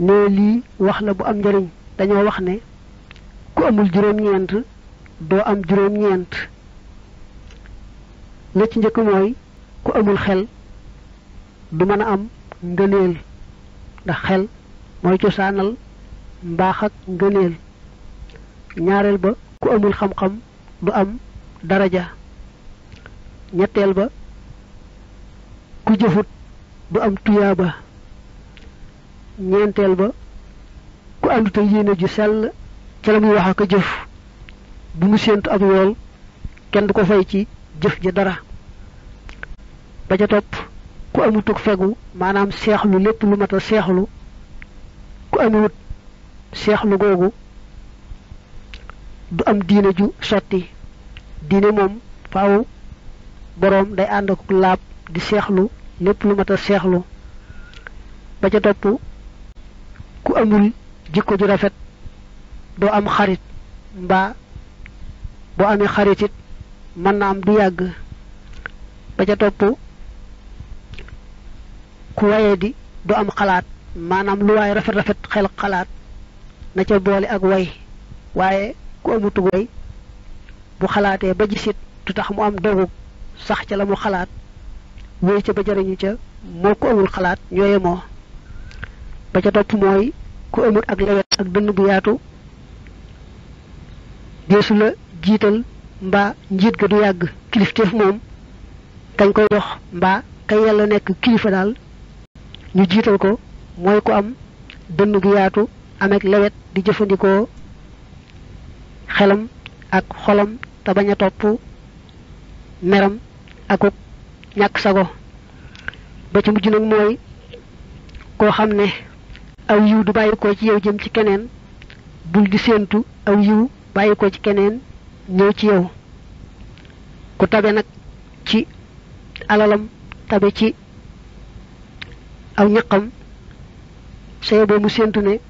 ne lii wax la bu am njëriñ dañoo wax ne ku amul juróom-ñeent doo am juróom-ñeent la ci njëkk mooy ku amul xel du mën a am ngëneel ndax xel mooy cosaanal mbaax ak ngëneel ñaareel ba ku amul xam-xam du am daraja ñetteel ba ku jëfut du am tuyaaba ñeenteel ba ku ànduta yéene ju sell ca la mu séentu ab kenn du ko fay ci jëf ji dara ba ca fegu maanaam seexlu lépp lu mat a seexlu ku amut seexlu googu du am diine ju sotti diine moom faaw boroom day ànd ak laab di seexlu lépp lu mat a seexlu ku amul jikko ju rafet do am xarit ba bo amé xaritit man na am du yag ba ca top ku waye di do am xalaat manam lu way rafet rafet xel xalaat na ca boole ak way waye ku amutu way bu xalaate ba gisit tutax mu am dogu sax ci lamu mu xalaat wéy ca ba jarignu ca moko amul xalaat ñooye ba ca topp mooy ku amul ak lewet ak dënn bu yaatu la jiital mbaa njiit ga du yàgg kilifteef moom kañ koy dox mbaa kay yàlla nekk kilifa daal ñu jiital ko mooy ko am dënn gu yaatu ameeg lewet di jëfandikoo xelam ak xolam te bañ a topp meram akuk ñàkk sago ba ci mujj nag mooy koo xam ne aw yiw du bàyyi ci yow jëm ci keneen bul di séentu aw yiw bàyyikoo ci keneen ñëw ci yow ku tabe nag ci alalam tabe ci aw ñaqam saye boo mu séentu ne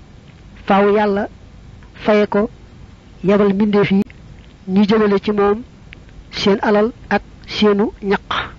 faw yàlla faye ko yabal mbindeef yi ñu jëmale ci moom seen alal ak seenu ñaq